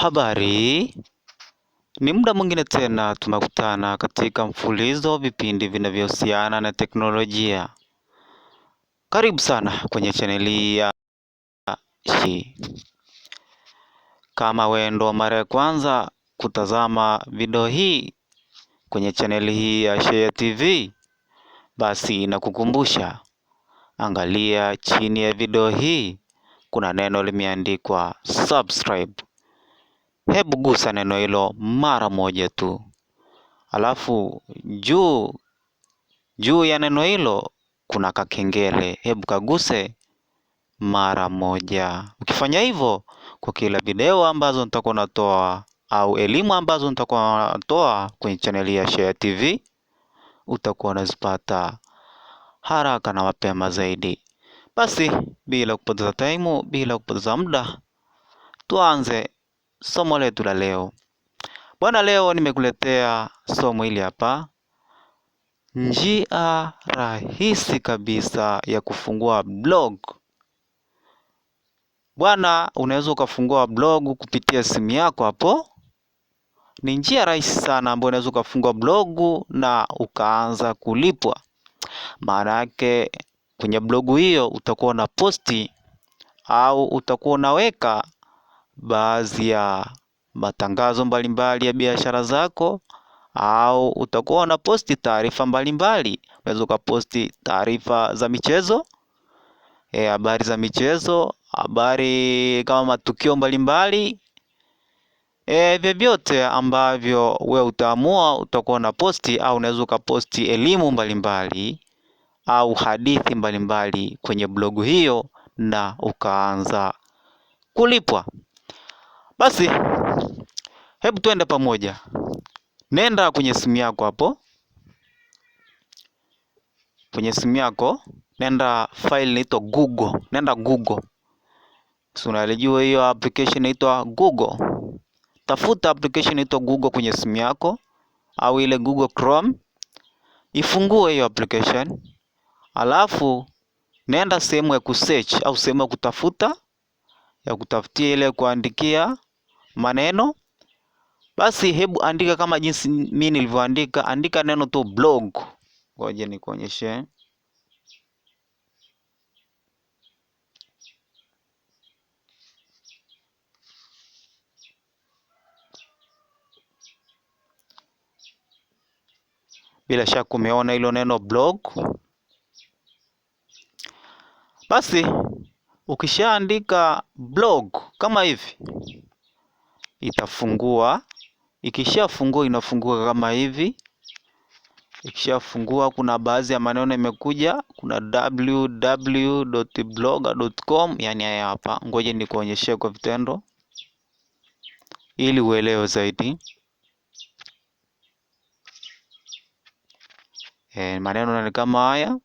Habari, ni muda mwingine tena tunakutana katika mfululizo vipindi vinavyohusiana na teknolojia. Karibu sana kwenye chaneli ya Shi. Kama wewe ndo mara ya kwanza kutazama video hii kwenye chaneli hii ya Shayia TV, basi nakukumbusha, angalia chini ya video hii kuna neno limeandikwa subscribe hebu gusa neno hilo mara moja tu, alafu juu juu ya neno hilo kuna kakengele, hebu kaguse mara moja. Ukifanya hivyo kwa kila video ambazo nitakuwa natoa au elimu ambazo nitakuwa natoa kwenye chaneli ya Shayia TV utakuwa unazipata haraka na mapema zaidi. Basi bila kupoteza taimu, bila kupoteza muda, tuanze somo letu la leo bwana. Leo nimekuletea somo hili hapa, njia rahisi kabisa ya kufungua blog. Bwana, unaweza ukafungua blog kupitia simu yako hapo. Ni njia rahisi sana ambayo unaweza ukafungua blogu na ukaanza kulipwa. Maana yake kwenye blogu hiyo utakuwa na posti au utakuwa unaweka baadhi ya matangazo mbalimbali ya biashara zako au utakuwa posti taarifa mbalimbali. Unaweza ukaposti taarifa za michezo, eh, habari za michezo, habari kama matukio mbalimbali e, eh, vyovyote ambavyo we utaamua utakuwa posti au unaweza ukaposti elimu mbalimbali au hadithi mbalimbali kwenye blogu hiyo na ukaanza kulipwa. Basi hebu twende pamoja. Nenda kwenye simu yako hapo, kwenye simu yako nenda file inaitwa Google. Nenda Google, si unalijua hiyo application inaitwa Google. Tafuta application inaitwa Google kwenye simu yako au ile Google Chrome, ifungue hiyo application, alafu nenda sehemu ya kusearch au sehemu ya kutafuta, ya kutafutia ile kuandikia maneno basi hebu andika kama jinsi mimi nilivyoandika andika neno tu blog ngoja nikuonyeshe bila shaka umeona hilo neno blog basi ukishaandika blog kama hivi itafungua. Ikishafungua inafungua kama hivi. Ikishafungua kuna baadhi ya maneno imekuja, kuna www.blogger.com yani haya hapa. Ngoje nikuonyeshe kwa vitendo ili uelewe zaidi. E, maneno ni kama haya.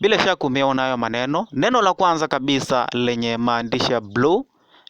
Bila shaka umeona hayo maneno. Neno la kwanza kabisa lenye maandishi ya blue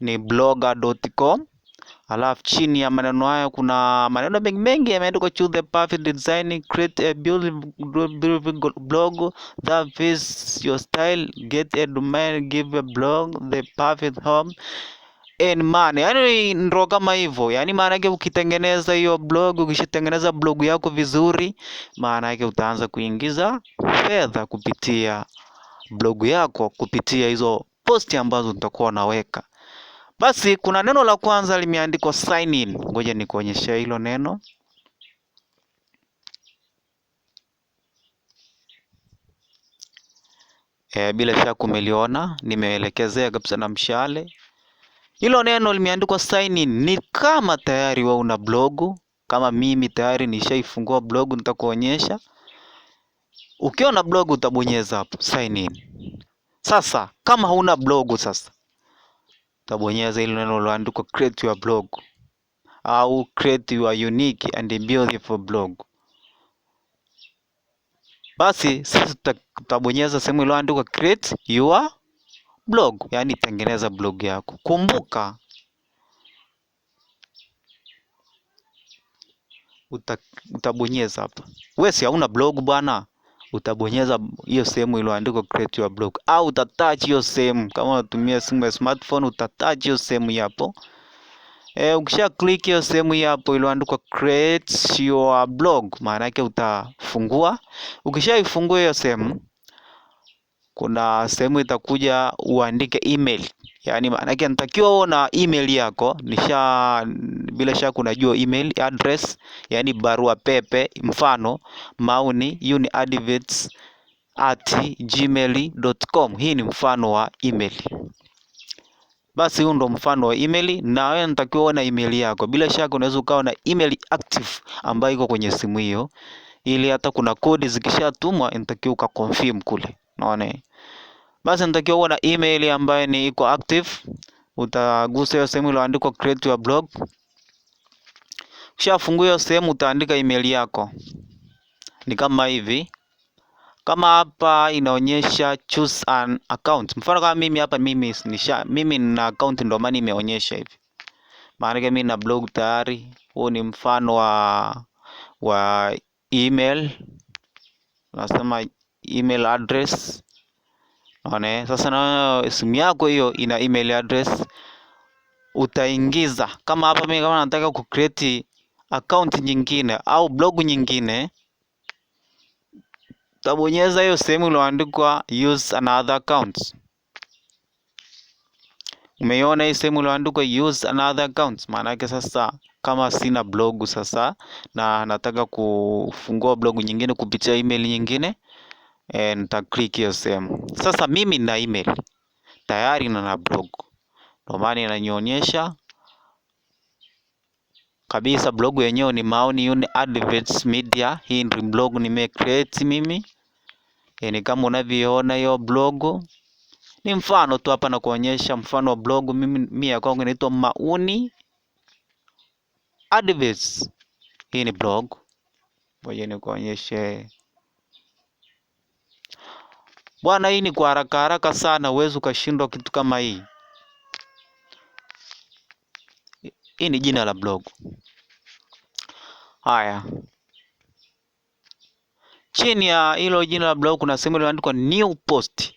ni blogger.com. Alafu chini ya maneno hayo kuna maneno mengi mengi yameandikwa to the perfect design, create a beautiful blog that fits your style, get a domain, give a blog the perfect home and money. Yani ndo kama hivyo. yani maana yake ukitengeneza hiyo blog, ukishatengeneza blog yako vizuri, maana yake utaanza kuingiza fedha kupitia blog yako, kupitia hizo posti ambazo utakuwa unaweka. Basi kuna neno la kwanza limeandikwa sign in. Ngoja nikuonyeshe hilo neno. E, bila shaka umeliona, nimeelekezea kabisa na mshale. Hilo neno limeandikwa sign in. Ni kama tayari wewe una blogu, kama mimi tayari nishaifungua blogu nitakuonyesha. Ukiwa na blogu utabonyeza hapo sign in. Sasa kama huna blogu sasa utabonyeza ile neno liloandikwa create your blog au create your unique and beautiful blog. Basi sasa tutabonyeza sehemu iliyoandikwa create your blog, yaani tengeneza blog yako. Kumbuka uta, utabonyeza hapa. Wewe si hauna blog bwana, utabonyeza hiyo sehemu iliyoandikwa create your blog, au utatouch hiyo sehemu. Kama unatumia simu ya smartphone, utatouch hiyo sehemu hapo. E, ukisha click hiyo sehemu hapo iliyoandikwa create your blog, maana yake utafungua. Ukishaifungua hiyo sehemu kuna sehemu itakuja uandike email yaani maanake natakiwa uwe na email yako nisha bila shaka unajua email address yaani barua pepe mfano mauni uniadvets at gmail.com hii ni mfano wa email basi huu ndo mfano wa email na wewe natakiwa uwe na email yako bila shaka unaweza ukawa na email active ambayo iko kwenye simu hiyo ili hata kuna kodi zikishatumwa inatakiwa ukakonfirm kule Unaona? Basi natakiwa uwe na email ambayo ni iko active. Utagusa hiyo sehemu iliyoandikwa create your blog. Kisha fungua hiyo sehemu utaandika email yako. Ni kama hivi. Kama hapa inaonyesha choose an account. Mfano kama mimi hapa mimi nisha mimi nina account ndio maana imeonyesha hivi. Maana mimi na blog tayari. Huo ni mfano wa wa email. Nasema email address One, eh? sasa na simu yako hiyo ina email address utaingiza. Kama hapa mimi kama nataka ku create account nyingine au blog nyingine, tabonyeza hiyo sehemu iliyoandikwa use another account. Umeiona hii sehemu iliyoandikwa use another account, maana yake sasa kama sina blogu sasa na nataka kufungua blogu nyingine kupitia email nyingine eh, nita click hiyo sehemu. Sasa mimi nina email tayari na na blog, ndio maana inanionyesha kabisa blog yenyewe ni Maoni Uni Adverts Media. Hii ndio blog create mimi e, ni kama unavyoona hiyo blog ni mfano tu hapa, na kuonyesha mfano wa blog mimi mimi ya kwangu inaitwa Maoni Adverts. Hii ni blog, ngoja nikuonyeshe Bwana hii ni kwa haraka haraka sana uwezi ukashindwa kitu kama hii. Hii ni jina la blog. Haya. Chini ya hilo jina la blog kuna sehemu iliyoandikwa new post.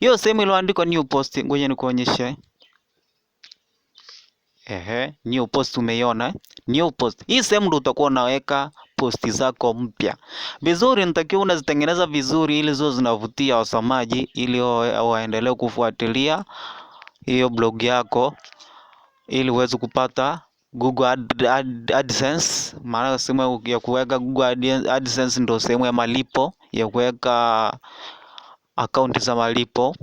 Hiyo sehemu iliyoandikwa new post, ngoja nikuonyeshe. Ehe, new post umeiona? New post. Hii sehemu ndio utakuwa unaweka posti zako mpya vizuri, nitakiwa unazitengeneza vizuri ili zio zinavutia wasomaji, ili waendelee kufuatilia hiyo blog yako, ili uweze kupata Google Ad, Ad, AdSense. Maana sehemu ya kuweka Google Ad, AdSense ndio sehemu ya malipo ya kuweka akaunti za malipo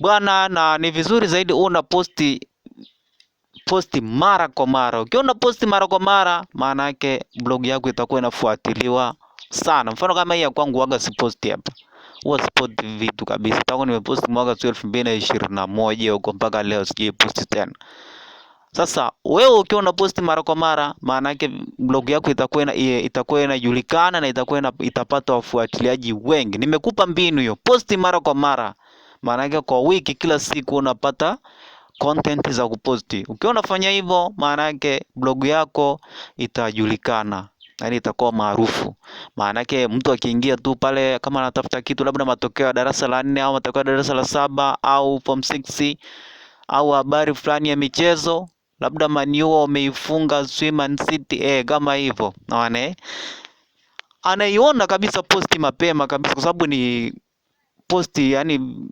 bwana, na ni vizuri zaidi una posti unaposti mara kwa mara. Ukiwa unaposti mara kwa mara, maana yake blog yako itakuwa inafuatiliwa sana. Mfano kama hii ya kwangu waga siposti hapa. Huwa siposti vitu kabisa. Tangu nimeposti mwaka 2021 huko mpaka leo sijui post tena. Sasa wewe ukiwa unaposti mara kwa mara, maana yake blog yako itakuwa itakuwa inajulikana na itakuwa ina, itapata wafuatiliaji wengi. Nimekupa mbinu hiyo, posti mara kwa mara. Maana yake kwa wiki, kila siku unapata content za kuposti. Ukiwa unafanya hivyo, maana yake blog yako itajulikana, yani itakuwa maarufu. Maana yake mtu akiingia tu pale, kama anatafuta kitu labda matokeo ya darasa la nne au matokeo ya darasa la saba au form 6 au habari fulani ya michezo labda maniua wameifunga Swiman City eh, kama hivyo naona eh? anaiona kabisa posti mapema kabisa, kwa sababu ni posti yani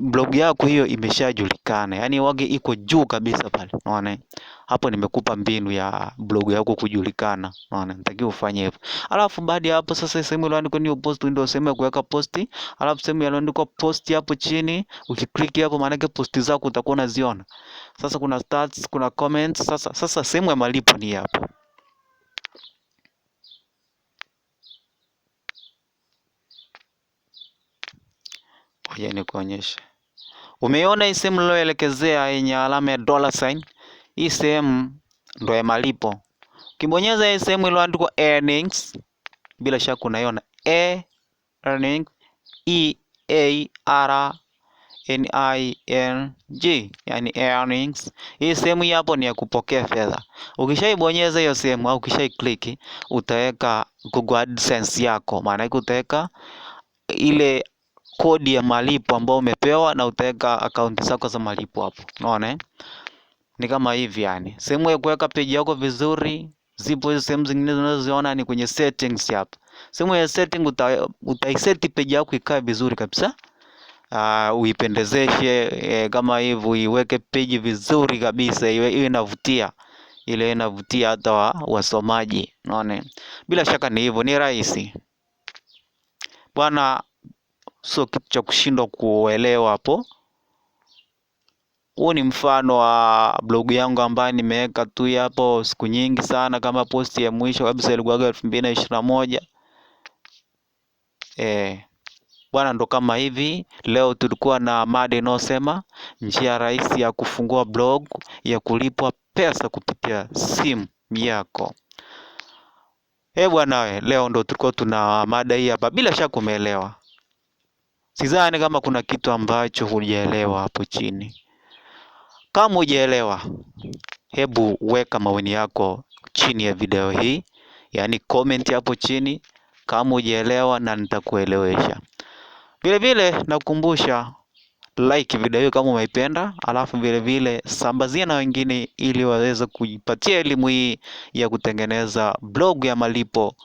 blog yako hiyo imeshajulikana yani wage iko juu kabisa pale unaona hapo nimekupa mbinu ya blog yako kujulikana unaona nitakiwa ufanye hivyo alafu baada ya hapo sasa sehemu ile andiko hiyo post ndio sehemu ya kuweka posti alafu sehemu ile andiko post hapo chini ukiklik hapo maana yake posti zako utakuwa unaziona sasa kuna stats kuna comments sasa sasa sehemu ya malipo ni hapo kuja nikuonyeshe. Umeiona hii sehemu niloelekezea yenye alama ya dollar sign? Hii sehemu ndo ya malipo. Ukibonyeza hii sehemu iliyoandikwa earnings, bila shaka unaiona e earnings e a r n i n g, yani earnings. Hii sehemu hapo ni ya kupokea fedha. Ukishaibonyeza hiyo sehemu au ukishaikliki, utaweka Google AdSense yako, maana yake utaweka ile kodi ya malipo ambayo umepewa na utaweka akaunti zako za malipo hapo. Unaona eh? Ni kama hivi yani. Sehemu ya kuweka peji yako vizuri zipo hizo sehemu zingine unazoziona ni kwenye settings hapa. Sehemu ya setting uta, utaiseti peji yako ikae vizuri kabisa. Uh, uipendezeshe eh, kama hivi uiweke peji vizuri kabisa iwe, iwe inavutia ile inavutia hata wa, wasomaji unaona. Eh? Bila shaka ni hivyo, ni rahisi bwana sio kitu cha kushindwa kuelewa hapo. Huu ni mfano wa blog yangu ambayo nimeweka tu hapo siku nyingi sana, kama posti ya mwisho kabisa ilikuwa elfu mbili na ishirini na moja. Eh, bwana, ndo kama hivi. Leo tulikuwa na mada inayosema njia rahisi ya kufungua blog ya kulipwa pesa kupitia simu yako. Eh, bwana, leo ndo tulikuwa tuna mada hii hapa, bila shaka umeelewa. Sidhani kama kuna kitu ambacho hujaelewa hapo chini. Kama hujaelewa, hebu weka maoni yako chini ya video hii, yaani comment hapo chini kama hujaelewa na nitakuelewesha. Vile vile nakukumbusha like video hii kama umeipenda, alafu vile vile sambazia na wengine ili waweze kujipatia elimu hii ya kutengeneza blog ya malipo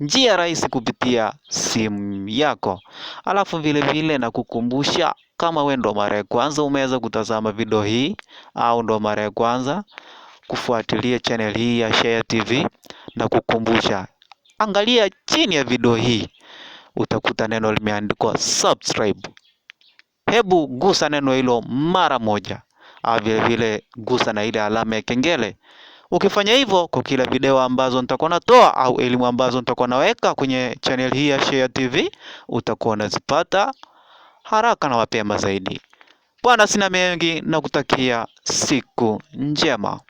njia rahisi kupitia simu yako. Alafu vile vile kukumbusha kama we ndo mara ya kwanza umeweza kutazama video hii au ndo mara ya kwanza kufuatilia channel hii ya Shayia TV na kukumbusha angalia chini ya video hii utakuta neno limeandikwa subscribe. Hebu gusa neno hilo mara moja, au ah, vilevile gusa na ile alama ya kengele. Ukifanya hivyo, kwa kila video ambazo nitakuwa natoa au elimu ambazo nitakuwa naweka kwenye channel hii ya Shayia TV utakuwa unazipata haraka na mapema zaidi. Bwana, sina mengi na kutakia siku njema.